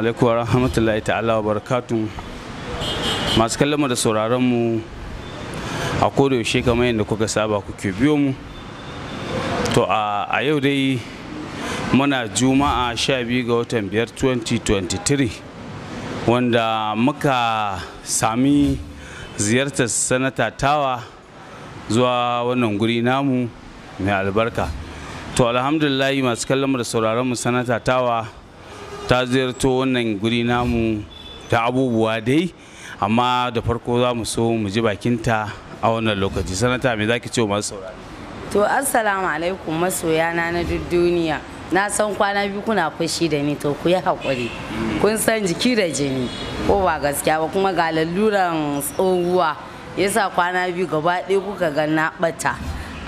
alaikum wa rahmatullahi ta'ala wa barakatu masu kallon da sauraron mu a kodayaushe kamar yadda kuka saba kuke biyo mu to a yau dai muna juma'a 12 ga watan biyar 2023 wanda muka sami ziyartar sanata tawa zuwa wannan guri namu mai albarka to alhamdulillahi masu kallama da sauraron mu sanata tawa ta ziyarto wannan guri namu ta abubuwa dai amma da farko za mu so mu ji bakinta a wannan lokaci sanata me zaki ce masu to assalamu alaikum masoya na na duk duniya na san kwana biyu kuna fushi da ni to ku yi haƙuri kun san jiki da jini ko ba gaskiya ba kuma ga laluran tsohuwa ya sa kwana biyu gaba ɗaya kuka ga na ɓata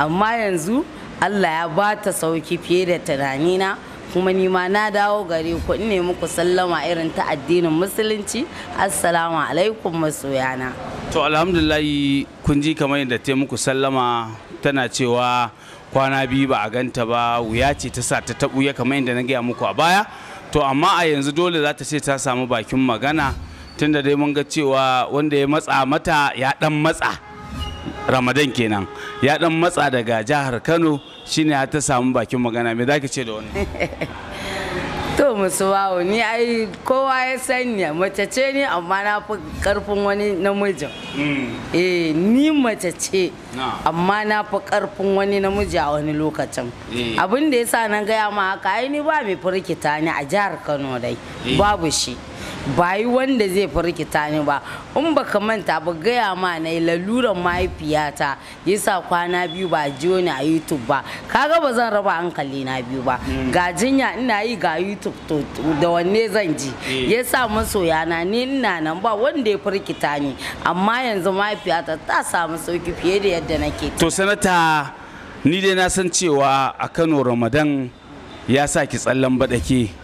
amma yanzu allah ya ba ta sauki fiye da tunanina kuma ni ma na dawo gare ku in nemi ku sallama irin ta addinin musulunci assalamu alaikum masoyana to alhamdulillahi kun ji kamar yadda ta muku sallama tana cewa kwana biyu ba a ganta ba wuya ce ta sa ta tabu ya kamar yadda na gaya muku a baya to amma a yanzu dole za ta ce ta samu bakin magana tunda dai mun ga cewa wanda ya matsa mata ya dan matsa ramadan kenan ya dan matsa daga jihar kano shine ta samu bakin magana me zaki ce da wannan to musu wawo ni ai kowa ya sanya mace ce ni amma na fi karfin wani namiji. Mm. eh ni mace ce amma na fi karfin wani namiji a wani lokacin eh. abin da yasa na gaya ma haka ai ni ba mai firkita ni a jihar kano dai eh. babu shi bayi wanda zai farki ni ba in baka manta ba gaya ma na laluran mahaifiyata yasa kwana biyu ba ji ni a youtube ba kaga ba zan raba hankali na biyu ba hmm. ga jinya ina yi ga youtube to da wanne zan ji eh. yasa masoya na ni ina nan ba wanda ya farki ni amma yanzu mahaifiyata ta samu sauki fiye da yadda nake to sanata ni dai na san cewa a Kano Ramadan ya sa ki tsallan baɗake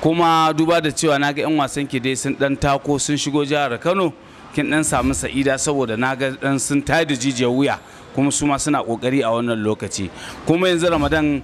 kuma duba da cewa na ga 'yan wasan ki dai sun dan tako sun shigo jihar kano kin dan samu sa'ida saboda na ga dan sun da jijiyar wuya kuma su ma suna kokari a wannan lokaci kuma yanzu ramadan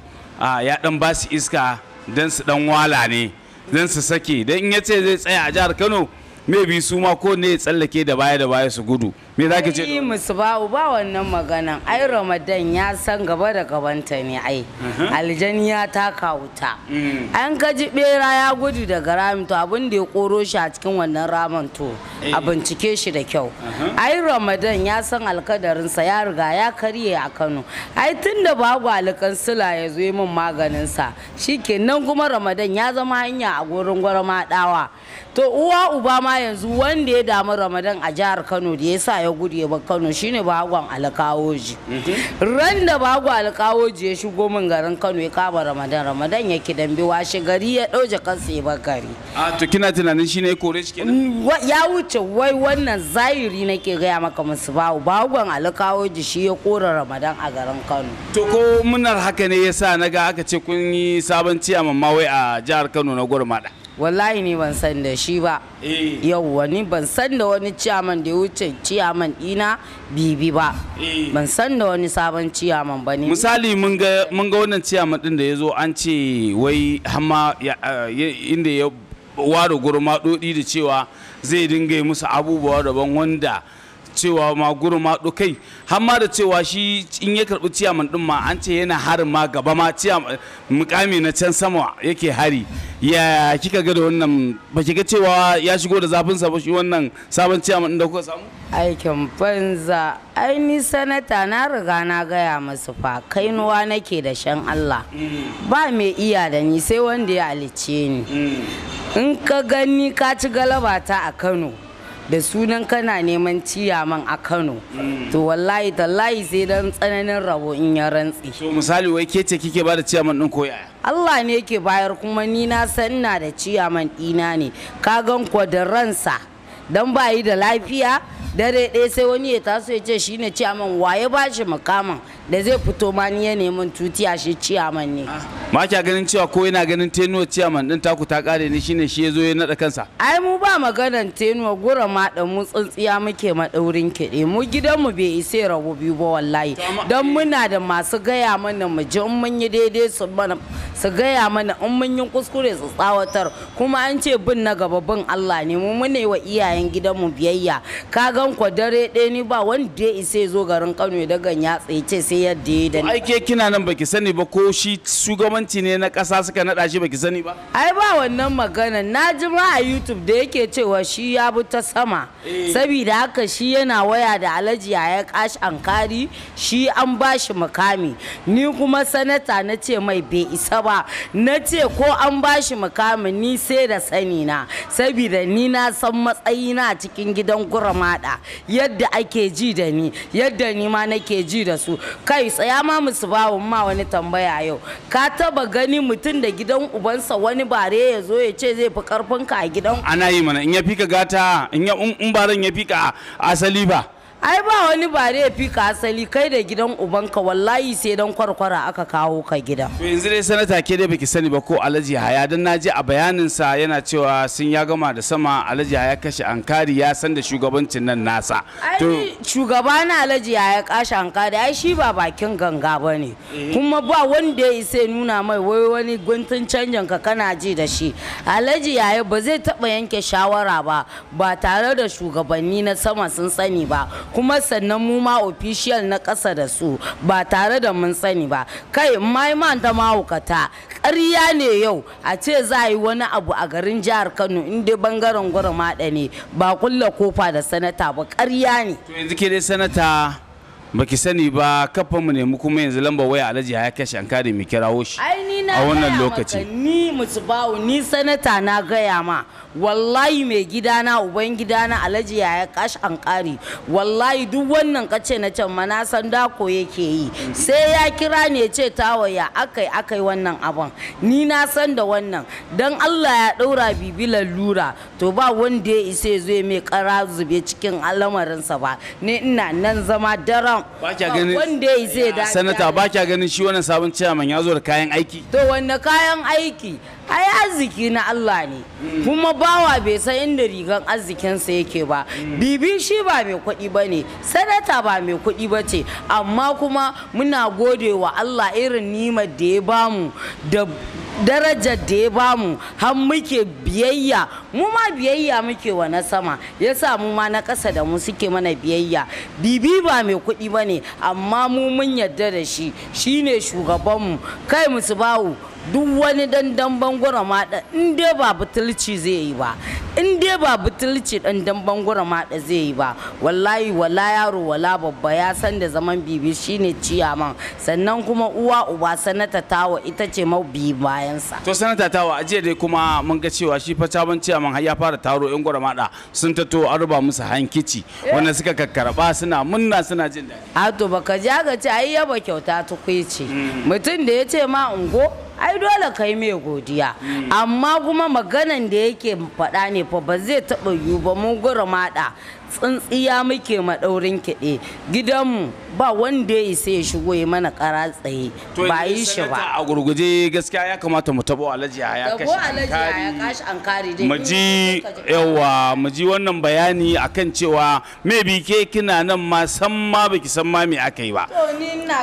ya dan ba su iska dan su dan wala ne dan su sake dan in ya ce zai tsaya a jihar kano bi su ma ko ne ya tsallake da baya da baya su gudu me za ki ce yi musu bawu ba wannan maganan ai ramadan ya san gaba da gabanta ne ai uh-huh. aljani ya taka wuta mm. an gaji bera ya gudu daga ramin to abin da ya koro shi a cikin wannan ramin to a eh. bincike shi da kyau uh-huh. ai ramadan ya san alkadarinsa ya riga ya karye a kano ai tun da babu alikan sila ya zo min maganinsa shikenan kuma ramadan ya zama hanya a gurin gwarma dawa to uwa uba ma yanzu wanda ya damu ramadan a jihar kano da ya sa ya gudu ya Kano shine bagon alkawoji ran da bagon alkawoji ya shigo min garin Kano ya kama Ramadan Ramadan ya kidan bi washe gari ya ɗauje kansa ya gari a to kina tunanin shine ya kore shi kenan mm, ya wuce wai wannan zahiri nake gaya maka musu bawo bagon alkawoji shi ya kora Ramadan a garin Kano to ko munar haka ne yasa naga aka ce kun yi sabon ciyaman ma wai a jihar Kano na Gurmada wallahi ni ban san da shi ba eh. yau ni ban san da wani ciyaman da ya wuce ciyaman dina bibi ba eh. ban san da wani sabon ciyaman ba ne misali mun ga wannan ciyaman din da ya zo an ce wai hama inda ya ware gurma dodi da cewa zai dinga musu abubuwa daban wanda cewa ma gurin ma kai har ma da cewa shi in ya karbi ciyaman din ma an ce yana harin ma gaba ma mukami na can sama yake hari ya kika ga da wannan ba ki ga cewa ya shigo da zafin sa ba shi wannan sabon ciyaman din da kuka samu aikin banza ai ni sanata na riga na gaya masu fa kainuwa nake da shan Allah mm. ba mai iya da ni sai wanda ya alice ni mm. in ka gani ka ci galaba ta a Kano da sunan kana neman ciyaman a Kano mm. to wallahi tallahi sai dan tsananin rabo in ya rantsi so misali wai ke ce kike bada ciyaman din ko yaya Allah ne yake bayar kuma ni na san na da ciyaman dina ne ka gan ko da ransa Don ba yi da lafiya dare ɗaya sai wani ya taso ya ce shine ciyaman waye ba shi mukamin da zai fito ma ni ya neman tuti a shi ciyaman ne ma kya ganin cewa ko yana ganin tenuwa ciyaman din taku ta kare ne shine shi ya zo ya naɗa kansa ai mu ba maganan tenuwa gura ma da mu tsintsiya muke maɗaurin kiɗe mu gidanmu bai isa rabu biyu ba wallahi don muna da masu gaya mana mu ji in mun yi daidai su mana su gaya mana in mun yi kuskure su tsawatar kuma an ce bin na gaba bin Allah ne mu mune wa iyaye iyayen gidanmu biyayya ka gan ku dare ɗaya ni ba wanda ya isa zo garin Kano ya daga ya tsaye sai yadda ya dani ai kina nan baki sani ba ko shi shugabanci ne na ƙasa suka naɗa shi baki sani ba ai ba wannan magana na ji ma a YouTube da yake cewa shi ya bi ta sama eh. saboda haka shi yana waya da Alhaji ya kashi ankari shi an bashi mukami ni kuma sanata na ce mai bai isa ba na ce ko an bashi mukami ni sai da sani na saboda ni na san matsayi na cikin gidan kuramada yadda ake ji da ni yadda ni ma nake ji da su kai tsaya ma musu bawo ma wani tambaya yau ka taba gani mutum da gidan ubansa wani bare ya zo ya ce zai fi karfin ka a gidan ana yi mana in ya fika gata in ya in baran ya fika asali ba ai ba wani ba ne fi ka asali kai da gidan ubanka wallahi sai dan kwarkwara aka kawo ka gida to yanzu dai sanata ke dai baki sani ba ko alhaji haya dan naji a bayanin sa yana cewa sun ya gama da sama alhaji haya kashe ankari ya san da shugabancin nan nasa to shugaba na alhaji haya kashe ankari ai shi ba bakin ganga bane eh. kuma ba wanda ya isa nuna mai wai wani guntun canjin ka kana ji da shi alhaji haya ba zai taba yanke shawara ba ba tare da shugabanni na sama sun sani ba kuma sannan mu ma official na ƙasa da su ba tare da mun sani ba kai maiman ta mahaukata ƙarya ne yau a ce za a yi wani abu a garin jihar kano inda dai bangaren maɗa ne ba kulla kofa da sanata ba ƙarya ne to yanzu ke dai sanata baki sani ba kafanmu ne mu kuma yanzu lambar waya alhaji ya kashe an kare mai kirawo shi a wannan lokaci ni musubawu ni sanata na gaya ma wallahi mai gidana uban gidana alhaji yaya kash an kare wallahi duk wannan kace na can mana san da ko yake yi sai ya kira ne ce tawaya akai akai wannan abun ni na san da wannan dan Allah ya daura bibi lura to ba wanda ya isa zai mai kara zube cikin alamarinsa ba ne ina nan zama daren wanda ya isa da sanata ba kya ganin shi wannan sabon ciyaman ya zo da kayan aiki to to kayan aiki ai arziki na Allah ne kuma bawa bai san inda rigan arzikinsa yake ba bibi shi ba mai kuɗi ba ne Sanata ba mai kuɗi bace amma kuma muna gode wa Allah irin nimar da ya bamu da darajar da ya bamu har muke biyayya mu ma biyayya muke wa na sama ya sa mu ma na ƙasa da mu suke mana biyayya bibi ba mai kuɗi bane amma mu mun yarda da shi shine shugabanmu kai musu bawu duk wani dandan bangwara ma da in dai ba butulci zai yi ba in dai ba butulci dandan bangwara ma da zai yi ba wallahi wala yaro wala babba ya san da zaman bibi shine ciyaman sannan kuma uwa uba sanata tawa ita ce bayan bayansa to sanata tawa a dai kuma mun ga cewa shi fa sabon man har ya fara taro yan gwara mada sun tato an ruba musu hankici eh. wanda suka kakkarba suna munna suna jin daɗi a to baka ja ga ci ai yaba kyauta tukwici mm. mutum da ya ce ma ungo ai dole kai mai godiya amma kuma maganan da yake faɗa ne fa ba zai taɓa yiwu ba mu gura maɗa tsintsiya muke maɗaurin kiɗe gidanmu ba wanda ya isa ya shigo ya mana ƙara tsaye ba yi shi ba a gurguje gaskiya ya kamata mu tabo alhaji ya kashi ankari ankari maji yawa maji wannan bayani akan cewa me bi ke kina nan ma san ma baki san ma me aka yi ba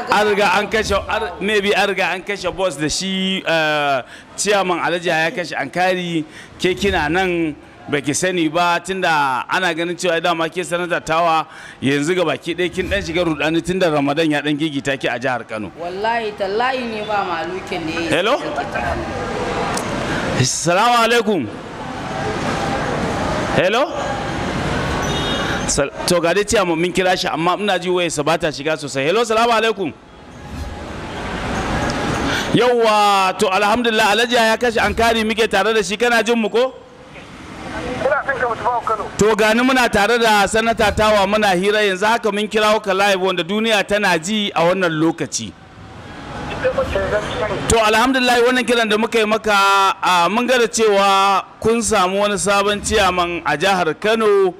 arga an kashe me bi arga an kashe boss da shi eh, ciyaman alhaji ya kashi ankari ke kina nan ba ki sani ba tunda ana ganin cewa dama ke sanata tawa yanzu ga baki ɗaya kin dan shiga rudani tunda ramadan ya dan gigita ki a jihar kano wallahi tallahi ne ba malukin ne hello assalamu alaikum hello to ga dai ciyama mun kira shi amma ina ji waye bata shiga sosai hello salamu alaikum yauwa to alhamdulillah alhaji ya kashi an kare muke tare da shi kana jin mu ko To gani muna tare da sanata tawa muna hira yanzu haka mun kirawo ka live wanda duniya tana ji a wannan lokaci. To alhamdulillah wannan kiran da muka yi maka a mun gada cewa kun samu wani sabon ciyaman a jihar Kano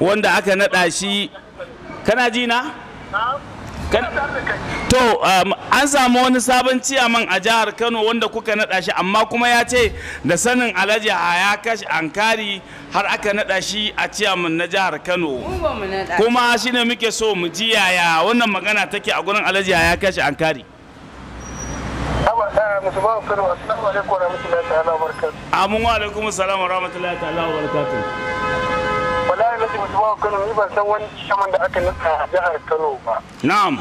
wanda aka naɗa shi. Kana ji na? to um, an samu wani sabon ciyaman a jihar kano wanda kuka nada shi amma kuma ya ce da sanin alhaji haya kashi ankari har aka nada shi a ciyaman na jihar kano kuma shi ne muke so mu ji yaya wannan magana take a gurin alhaji haya kashi ankari eh, Amin wa alaikum salam wa rahmatullahi ta'ala wa barakatuh. wallahi na jibu ba Kano ni ban san wani shaman da aka nuna a jihar Kano ba na'am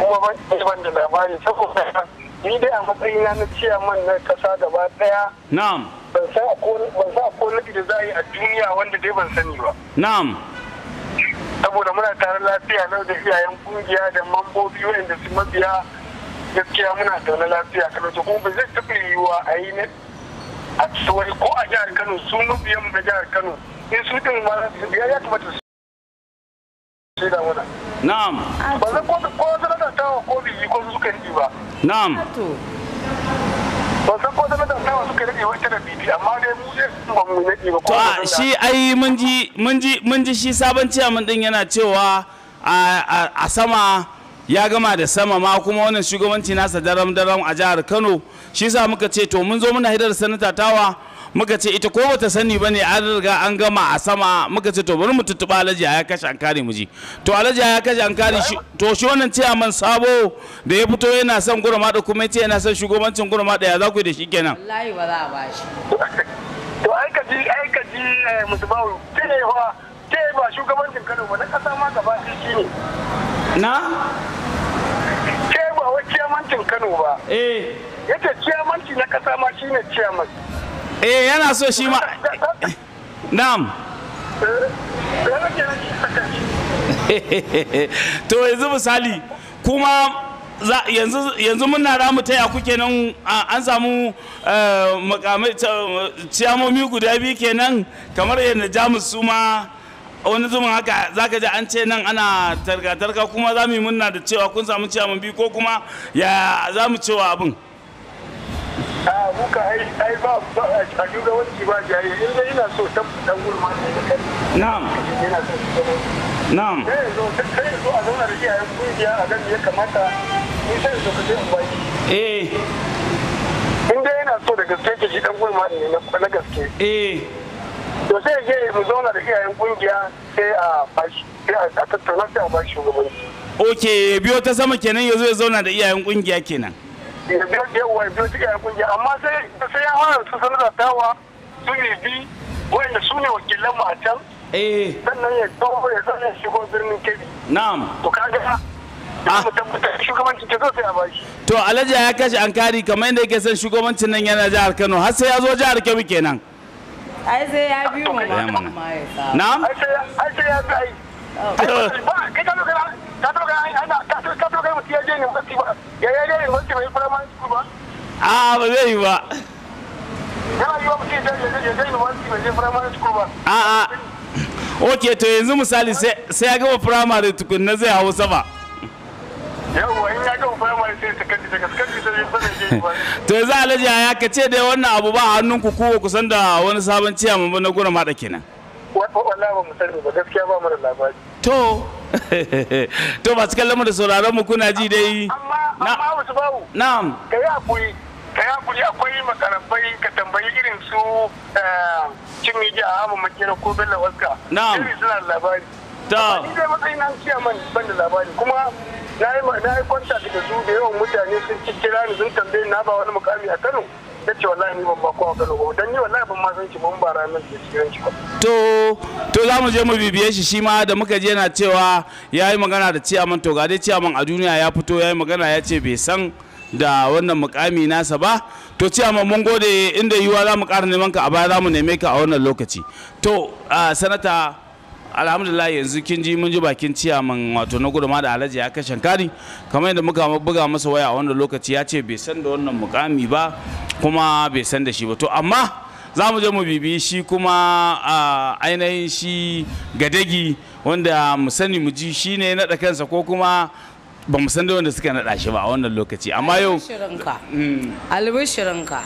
kuma ban ban da labari saboda ni dai a matsayina na man na kasa gaba daya na'am ban san ban san da za a yi a duniya wanda dai ban sani ba na'am saboda muna tare lafiya na da iyayen kungiya da mambobi wanda su mabiya gaskiya muna zaune lafiya kan to kuma ba zai taɓa yiwa a yi ne a tsawai ko a jihar kano su mabiyan da jihar kano in eh, su din ma su ya kamata su shaida mana na'am ba zan ko ko sanata ta wa ko biyi ko su suka yi ba na'am ban san ko sanata ta wa suka yi wata da bibi amma dai mu ne ba mu ne ba ko shi ai mun ji mun ji mun ji shi sabon ciyaman din yana cewa a sama ya gama da sama ma kuma wannan shugabanci nasa daram daram a jihar Kano shi sa muka ce to mun zo muna hidar sanata tawa muka ce ita ko bata sani ba ne an riga an gama a sama muka ce to bari mu tuttuɓa alhaji ya kashe an kare mu ji to alhaji ya kashe an kare shi to shi wannan ce man sabo da ya fito yana son gurma da kuma ce yana son shugabancin gurma da ya za ku yi da shi kenan wallahi ba za a ba shi to ai ka ji ai ka ji eh, musubawu ce fa ce ba shugabancin Kano ba na kasa ma gaba shi ne na ce ba wa ciyamancin Kano ba eh yace ciyamanci na kasa ma shine ciyamanci eh yana so shi ma na'am to yanzu misali kuma yanzu muna ramu ta kuke kenan an samu eh, ciyamomi guda biyu kenan kamar yadda jamus su ma wani zuma haka zaka ji an ce nan ana tarkatarka kuma za mu yi munna da cewa kun samu ciyamomi ko kuma ya za mu cewa abin a muka ai ba a shugabanci ba jaye in dai ina so ta dan gurma ne da kai na'am ina so na'am eh zo sai zo a zauna da iyayen kungiya a gani ya kamata ni sai zo ka je in baki eh in dai ina so da gaske ke ji dan gurma ne na gaske eh to sai je mu zauna da iyayen kungiya sai a bashi sai a tattauna sai a bashi shugabanci ok biyo ta sama kenan ya zo ya zauna da iyayen kungiya kenan ya biyo ya biyo cikin kungiya amma sai sai ya fara su sanar da tawa su ne a to Alhaji ya kashe an kari kamar yadda yake son shugabancin nan yana jihar Kano har sai ya zo jihar Kebbi kenan. Ai sai ya biyu mu. Eh, Na'am? Ai sai ya bi ai. Oh. ka ka taba ga ana ka taba ga mutum ya je university ba ya ya je university bai primary school ba a ba zai yi ba yana yi wa da ya je ya je university bai je primary school ba a a ok to yanzu misali sai ya gama primary tukunna zai hau sama yawwa in ya gama primary sai secondary daga secondary sai ya je to yanzu alhaji ya ka ce dai wannan abu ba hannun ku kusan da wani sabon ciyaman na gurin haɗa kenan wallahi ba mu sani ba gaskiya ba mu da labari to to su kallon mu da sauraron mu kuna ji dai amma ba babu na'am kai hakuri kai hakuri akwai makarabai ka tambayi irin su cin ji a hamu makera ko bello waska na'am suna labari ta ni dai matsayin na ciya man ban da labari kuma na yi kwanta da su da yawan mutane sun kira ni sun tambaye na ba wani mukami a Kano ta ce wallahi ni ban ba dan ni wallahi ban ma san ranar da cikin shi to to za mu je mu bibiye shi shi ma da muka je yana cewa ya yi magana da ciyaman to ga dai ciyaman a duniya ya fito ya yi magana ya ce bai san da wannan mukami nasa ba to ciyaman mun gode inda yiwuwa za mu ƙara neman ka a baya za mu neme ka a wannan lokaci to sanata alhamdulillah yanzu kin ji mun ji bakin ciyaman wato na guduma da alhaji ya kashe kari kamar yadda muka buga masa waya a wannan lokaci ya ce bai san da wannan mukami ba kuma bai san da shi ba to amma za mu je mu bibi shi kuma ainihin shi gadagi wanda mu sani mu ji shi ne naɗa kansa ko kuma ba mu san da wanda suka naɗa shi ba a wannan lokaci amma yau albishirinka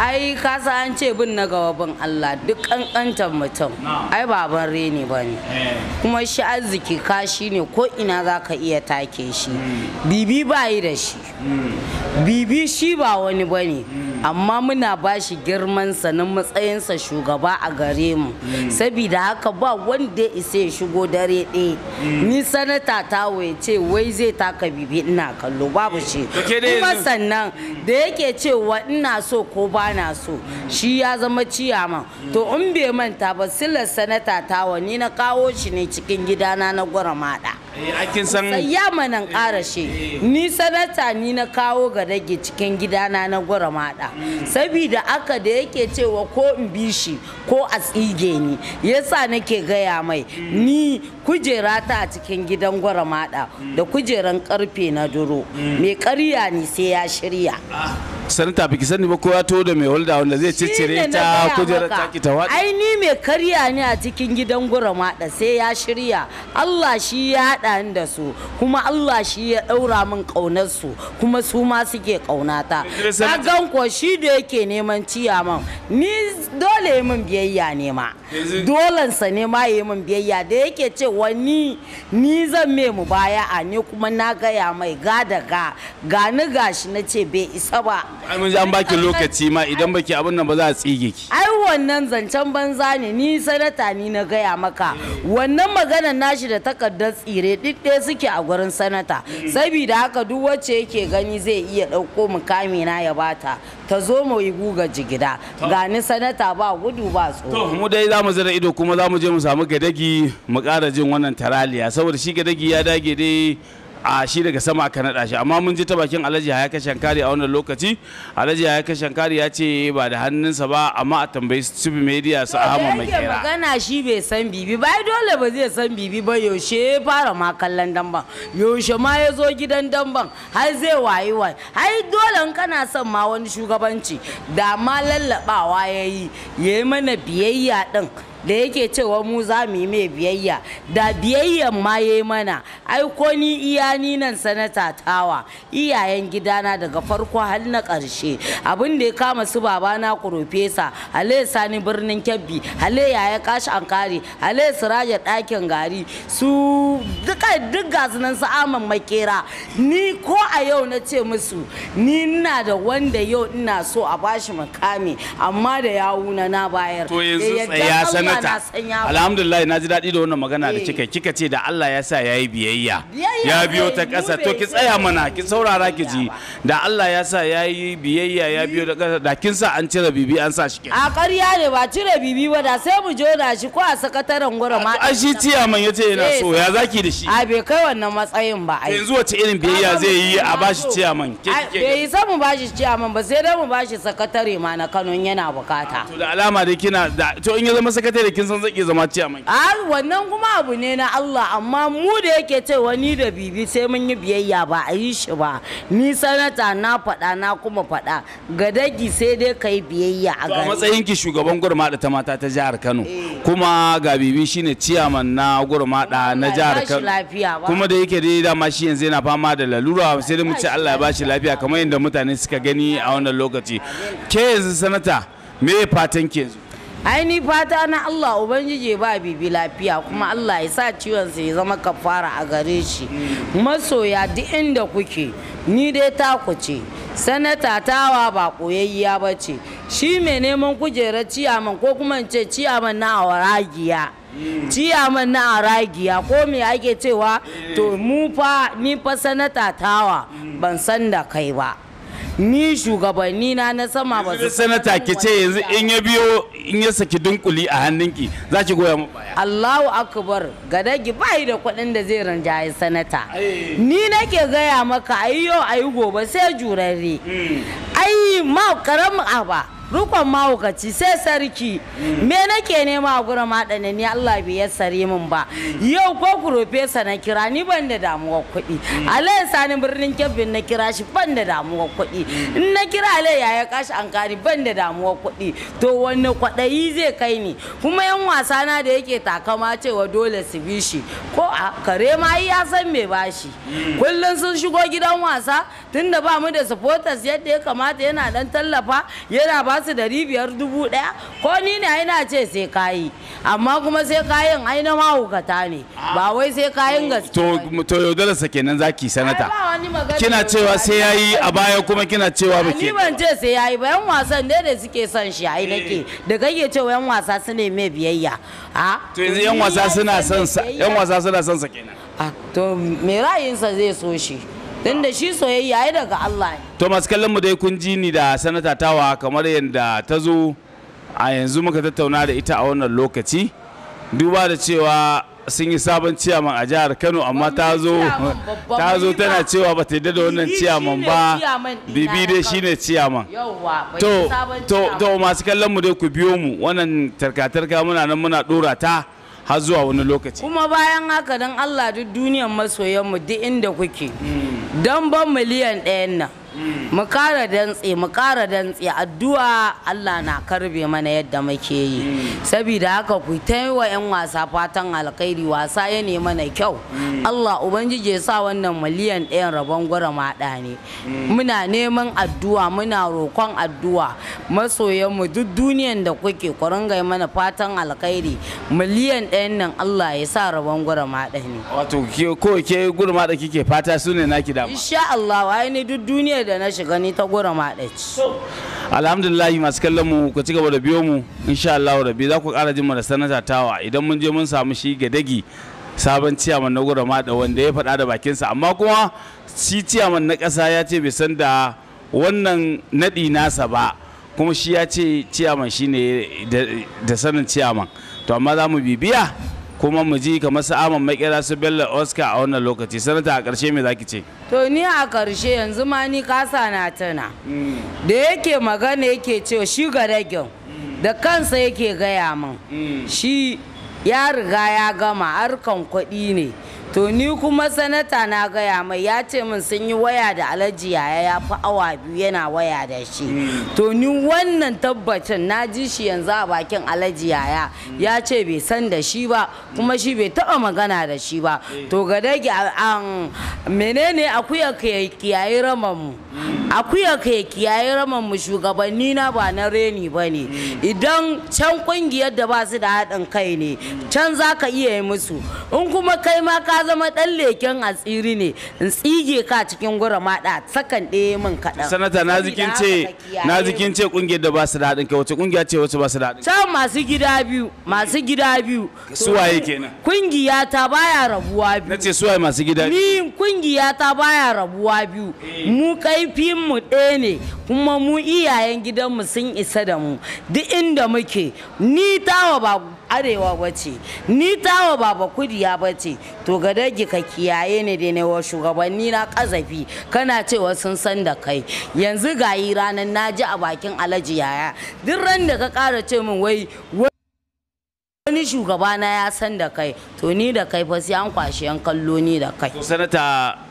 ai ka sa an ce bin na gaba bin Allah duk kankantar mutum ai baban reni ba ne eh. kuma shi arziki ka shi ne ko ina za ka iya take shi hmm. bibi ba yi da shi hmm. bibi shi ba wani ba ne hmm. amma muna ba shi sa na matsayinsa shugaba a gare mu mm. saboda haka ba wanda ya isa ya shigo dare ɗaya mm. ni sanata ta ya ce wai zai taka bibi ina kallo babu shi kuma sannan da yake cewa ina so ko ba na so shi ya zama ciyaman mm. to in bai manta ba silar sanata tawa ni na kawo shi ne cikin gidana na gwara maɗa. Eh, kin san ya manan karashe eh. ni sanata ni na kawo ga rage cikin gidana na mada saboda aka da yake cewa ko in bi shi ko a tsige ni yasa nake gaya mai ni kujera ta a cikin gidan mada da kujeran karfe na duro mm. mai karya ni sai ya shirya ah. sanata biki sani ba ko ya to da mai walda wanda zai ciccire ta kujerar taki ta wata ai ni mai karya ne a cikin gidan gurama da sai ya shirya Allah shi ya hada ni da su kuma Allah shi ya daura min kaunar su kuma su ma suke kaunata ka gan ko shi da yake neman man ni dole yi min biyayya ne ma dolan sa ne ma yi min biyayya da yake ce wani ni zan me mu baya a ne kuma na gaya mai ga da ga ga ni gashi na ce bai isa ba mun an baki lokaci ma idan baki abin nan ba za a tsige ki ai wannan zancen banza ne ni sanata ni na gaya maka wannan maganar nashi da takardar tsire duk ɗaya suke a gurin sanata saboda haka duk wacce yake gani zai iya ɗauko mukami na ya bata ta zo mu yi guga jigida gani sanata ba gudu ba tsoro to mu dai za mu zira ido kuma za mu je mu samu gadagi mu ƙara jin wannan taraliya saboda shi gadagi ya dage dai a shi daga sama aka naɗa shi amma mun ji ta bakin alhaji hayaka shankari a wannan lokaci alhaji hayaka shankari ya ce ba da hannunsa ba amma a tambayi su media su ahama mai kera magana shi bai san bibi ba dole ba zai san bibi ba yaushe fara ma kallon damban yaushe ma ya zo gidan damban har zai wayi wayi har dole in kana son ma wani shugabanci da ma lallabawa ya yi ya yi mana biyayya ɗin. da yake cewa mu za mu yi mai biyayya da biyayyan ma ya mana ai ko ni iya ni nan sanata tawa iyayen gidana daga farko har na ƙarshe abin da ya kama su babana kurofesa hale sani birnin kebbi hale yaya kashi ankari hale siraja ɗakin gari su duka duk gasu nan su aman makera ni ko a yau na ce musu ni ina da wanda yau ina so a bashi makami amma da yawuna na bayar to yanzu tsaya bukata alhamdulillah na ji daɗi da wannan magana da eh. kika kika ce da Allah ya sa yayi biyayya ya biyo ta ƙasa to ki tsaya mana ki saurara ki ji da Allah ya sa yayi biyayya ya biyo ta ƙasa da kin sa an cire bibi an sa shi a ƙarya ne ba cire bibi ba da sai mu jona shi ko a sakataren gura ma a shi tiya man yace yana eh, so ya zaki da shi a bai kai wannan matsayin ba ai yanzu wace irin biyayya zai yi a bashi tiya man bai yi sa mu bashi tiya man ba sai dai mu bashi sakatare ma na Kano yana bukata to da alama da kina to in ya zama sakatare kai da kin san zai zama zama mai. a wannan kuma abu ne na Allah amma mu da yake ce wani da bibi sai mun yi biyayya ba a yi shi ba ni sanata na faɗa na kuma faɗa ga dagi sai dai ka biyayya a gari matsayin ki shugaban gurmaɗa ta mata ta jihar Kano eh. kuma ga bibi shine ciyaman na gurmaɗa na jihar Kano kuma da yake dai dama shi yanzu yana fama da lalura sai dai mu ce Allah ya bashi lafiya kamar yadda mutane suka gani a wannan lokaci ke yanzu sanata me fatan ke yanzu aini fata na Allah ubangiji ba bibi lafiya kuma Allah ya sa ciwon sa ya zama kafara a gare shi masoya duk inda kuke ni dai ta ku ce sanata tawa ba koyayya ba ce shi mai neman kujerar ciyaman ko kuma in ce ciyaman na awaragiya ciyaman na ko me ake cewa to mu fa ni fa sanata tawa ban san da kai ba ni shugabanni na na sama ba su sanata ki ce yanzu in ya biyo in ya saki dunkuli a hannunki za ki goya mu baya Allahu akbar ki bai da kuɗin da zai ya sanata ni nake gaya maka ayi yau ayi gobe sai jurare hmm. ai ma a aba rukon mahaukaci sai sarki me nake nema a gurin maɗana ni Allah bai yassare min ba yau ko profesa na kira ni ban da damuwar kuɗi alayi sani birnin kebbin na kira shi ban da damuwar kuɗi in na kira alayi ya kashi an kari ban da damuwar kuɗi to wani kwaɗayi zai kai ni kuma yan wasa na da yake takama cewa dole su bi shi ko a kare ma ya san me bashi kullum sun shigo gidan wasa tunda ba mu da supporters yadda ya kamata yana dan tallafa yana ba ba su dari biyar dubu ɗaya ko ni ne aina ce sai kayi amma kuma sai kayan aina mahukata ne ba wai sai kayan gaske to to sake nan zaki sanata kina cewa sai yayi a baya kuma kina cewa ba ni ban ce sai yayi ba yan wasan ne da suke son shi ai nake eh. da kake ce yan wasa su ne mai biyayya a to yanzu yan wasa suna son sa yan wasa suna son sa kenan a to me ra'ayinsa zai so shi tunda shi soyayya ai daga Allah ne to masu kallon mu dai kun ji ni da sanata tawa kamar yadda ta zo a yanzu muka tattauna da ita a wannan lokaci duba da cewa sun yi sabon ciyaman a jihar kano amma ta zo tana cewa ba ta yi da wannan ciyaman ba bibi dai shine ciyaman to to masu kallon mu dai ku biyo mu wannan tarkatarka muna nan muna dora ta har zuwa wani lokaci kuma bayan haka don allah duk duniyar masoyanmu duk inda kuke hmm. don ban miliyan ɗayan nan hmm. mu kara dantse mu kara dantse addu'a Allah na karbe mana yadda muke yi hmm. saboda haka ku ta wa 'yan wasa fatan alkhairi wasa ya ne mana kyau Allah ubangiji ya sa wannan miliyan ɗayan rabon gwara maɗa ne muna neman addu'a muna roƙon addu'a masoyanmu duk duniyan da kuke ku ringa mana fatan alkhairi miliyan ɗayan nan Allah ya sa rabon gura ne. Wato ko ke gurama kike fata su ne naki dama. Insha Allah wa ni duk duniya da na shiga ni ta gura ɗaya ce. Alhamdulillah masu kallon mu ku ci gaba da biyo mu insha Allah rabi za ku ƙara jin mu da sanata tawa idan mun je mun samu shi ga dagi sabon ciyaman na gura da wanda ya faɗa da bakinsa amma kuma shi ciyaman na ƙasa ya ce bai san da wannan naɗi nasa ba kuma shi ya ce ciyaman shine da sanin ciyaman. to amma za mu bibiya kuma mu ji kamar su aman makera su bello oscar a wannan lokaci sanata a ƙarshe me zaki ce to ni a ƙarshe yanzu ma ni kasa na tana mm. da yake magana yake ce shi ga ragin mm. da kansa yake gaya min mm. shi ya riga ya gama harkan kuɗi ne to ni kuma sanata na gaya mai ya ce min sun yi waya da alhaji ya ya fi awa biyu yana waya da shi hmm. to ni wannan tabbacin na ji shi yanzu a bakin alhaji yaya hmm. ya ce bai san da shi ba kuma shi bai taba magana da shi ba eh. to ga dage an menene akuyar kiyayi raman mu hmm. akuya ka ya kiyaye raman mu shugabanni na ba na reni ba ne idan can kungiyar da ba su da haɗin kai ne can za ka iya yi musu in kuma kai ma ka zama ɗan leken asiri ne in tsige ka cikin gura maɗa sakan ɗaya min kaɗan sanata na zikin ce na zikin ce kungiyar da ba su da haɗin kai wace kungiya ce wace ba su da haɗin kai can masu gida biyu masu gida biyu waye kenan kungiya ta baya rabuwa biyu nace eh. waye masu gida biyu ni kungiya ta baya rabuwa biyu mu kaifi mu ɗaya ne kuma mu iyayen gidanmu sun isa da mu duk inda muke ni tawa ba arewa ba ce ni tawa ba ba kudiya ba ce to ga dage ka kiyaye ne da ne wa shugabanni na kazafi kana cewa sun san da kai yanzu ga yi na naji a bakin alaji yaya duk ran da ka ƙara ce min wai wani shugaba na ya san da kai to ni da kai fa sai an kwashi yan kallo ni da kai to sanata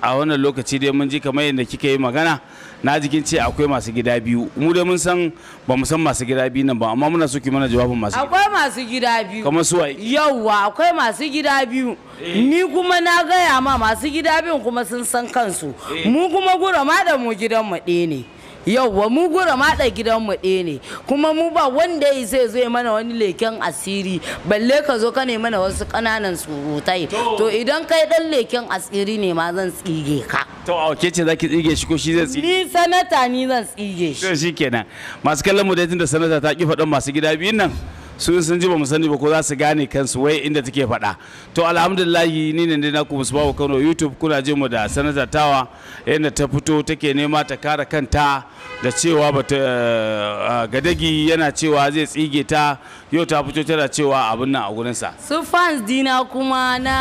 a wannan lokaci dai mun ji kamar yadda kika yi magana na jikin ce akwai masu gida biyu mu dai mun san ba mu san masu gida biyu nan ba amma muna so ki mana jawabin masu akwai masu gida biyu kamar su wai yawa akwai masu gida biyu eh. ni kuma na gaya ma masu gida biyun kuma sun san kansu eh. mu kuma gura ma da mu gidan mu ɗaya ne yauwa mu gura maɗa mu ɗaya ne kuma mu ba wanda zai zo mana wani leken asiri balle ka zo ka mana wasu ƙananan surutai to idan kai ɗan leken asiri ne ma zan tsige ka to a ke ce zaki tsige shi ko shi zai tsige ni sanata ni zan tsige shi to shikenan masu kallon mu da sanata ta ki faɗin masu gida biyun nan su sun ji ba mu sani ba ko za su gane kansu wai inda take faɗa to alhamdulillahi ni ne ku musu musbahu kano youtube kuna jin mu da sanata tawa yadda ta fito take nema ta kare kanta da cewa ba ta eh, gadagi yana cewa zai tsige ta yau ta fito tana cewa abin nan a gurinsa su fans dina kuma na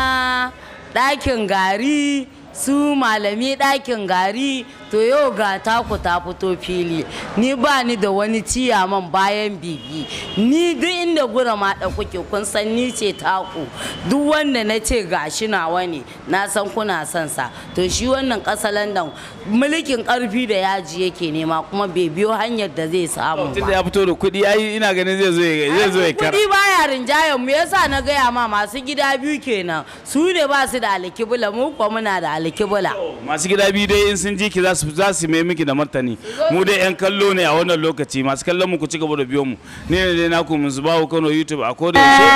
ɗakin gari su malami ɗakin gari to yau ga taku ta fito fili ni ba ni da wani ciyaman bayan bibi ni duk inda gura ma da kuke kun san ni ce taku duk wanda na ce gashi na wani na san kuna son sa to shi wannan ƙasa london mulkin karfi da yaji yake nema kuma bai biyo hanyar da zai samu ba ya fito da kuɗi yayi ina ganin zai zo zai zo ya kar kuɗi baya rinjayen mu yasa na gaya ma masu gida biyu kenan su ne ba su da alkibula mu kuma muna da alkibula masu gida biyu dai in sun ji ki za za su mai miki da martani mu dai yan kallo ne a wannan lokaci masu kallon mu ku ci gaba da biyo mu ne ne dai naku mun zuba ku Kano YouTube a koda yaushe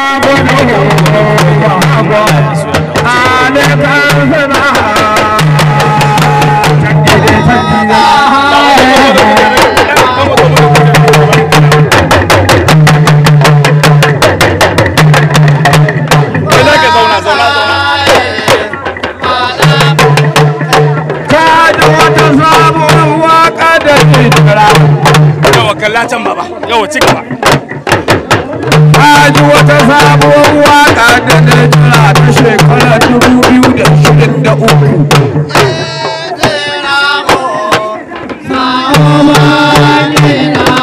kalla can baba yawa ci gaba ji wata sabuwar waka da na jira ta shekara dubu biyu da shirin da uku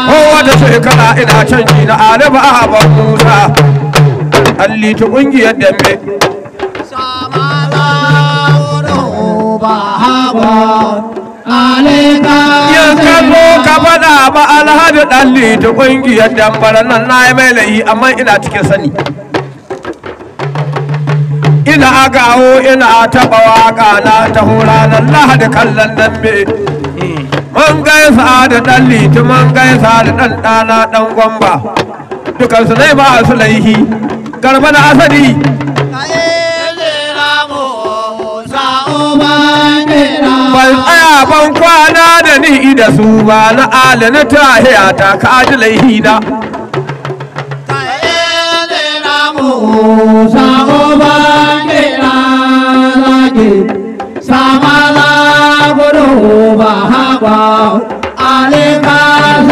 kowace shekara ina canji na alifa a musa alli ta ƙungiyar dambe ba hawa alika ya kabo da ɗalli ta ƙungiyar damfara nan na yi mai layi amma ina cikin sani ina agawo ina taɓa waƙa na ta hura nan lahadi kallon dambe man gaisa da ɗan liti man gaisa da ɗan ɗana ɗan gwamba su ne ba su laihi garba da asali ban tsaya ban kwana da ni da su ba na alana ta haya ta kaji laihina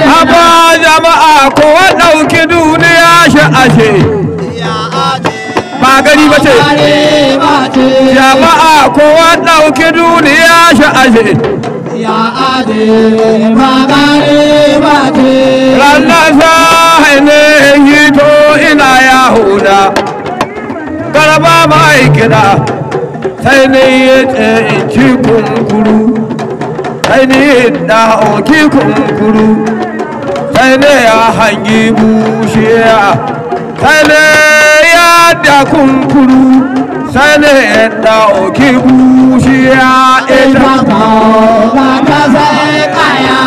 Haba jama'a kowa ɗauki duniya shi ashe ba gari ba ce jama'a kowa ɗauki duniya sha'aje ranar sahai ne yi to ina ya huda garba mai gida sai ne ya ce in ci kunkuru sai ne na oki kunkuru sai ne ya hangi bushiya sane ya da kunkuru sane da oke bushiya ita ba ka sai kaya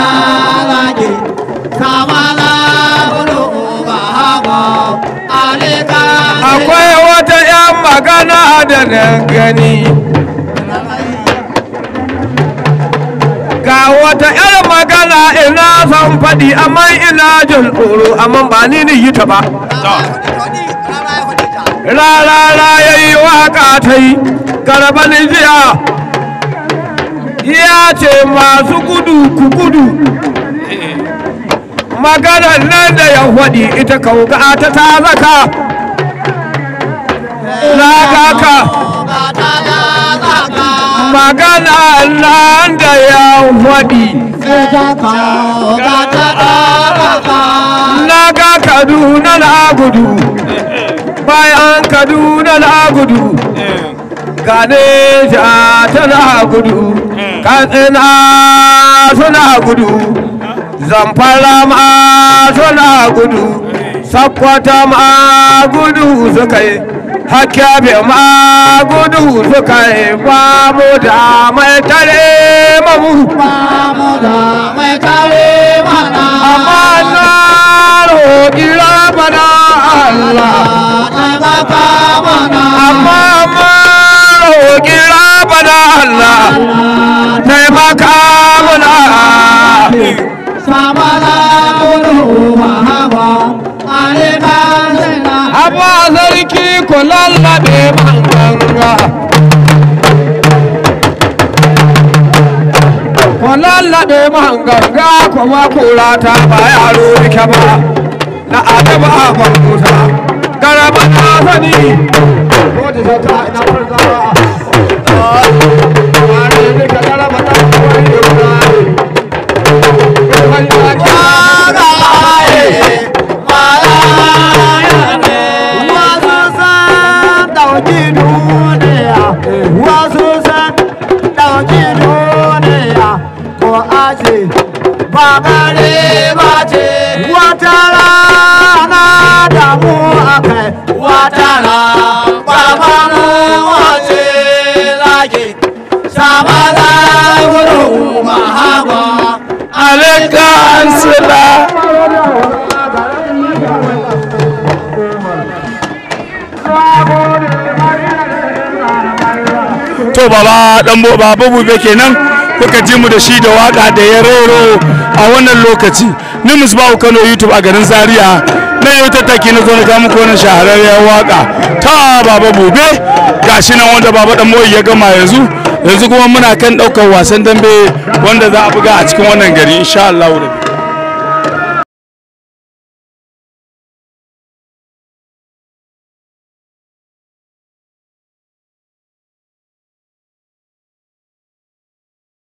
lage samala akwai wata yan magana da nan gani wata yar magana ina zan faɗi amma ina jin tsoro amma ba ni ni yi ta ba rarara ya yi waka ta yi karɓar jiya ya ce masu gudu ku gudu maganar nan da ya faɗi ita kauka ta ta zaka ka ka magana nan da ya faɗi na ga kaduna na gudu bayan kaduna na gudu gane ja tana gudu katsina suna gudu zamfara ma suna gudu sakwata gudu hakkabe ma gudu suka yi ba mu da mai tare mu ba mu da mai tare na amma na roƙi bana ku lallaɓe man ganga ku lallaɓe man ganga kuma kurata ba yaro yake ba na adaba a kwamfuta garaba na zani ko da ta ina farzawa a ah, ne ka garaba mu akai wata na kwamanu wace lage sama da to baba dan boba babu be kenan kuka ji mu da shi da waka da ya a wannan lokaci ni musbahu kano youtube a garin zaria nan yau tattaki na zo na kawo muku wannan waka ta baba bube gashi nan wanda baba dan moyi ya gama yanzu yanzu kuma muna kan daukar wasan dambe wanda za a buga a cikin wannan gari insha Allah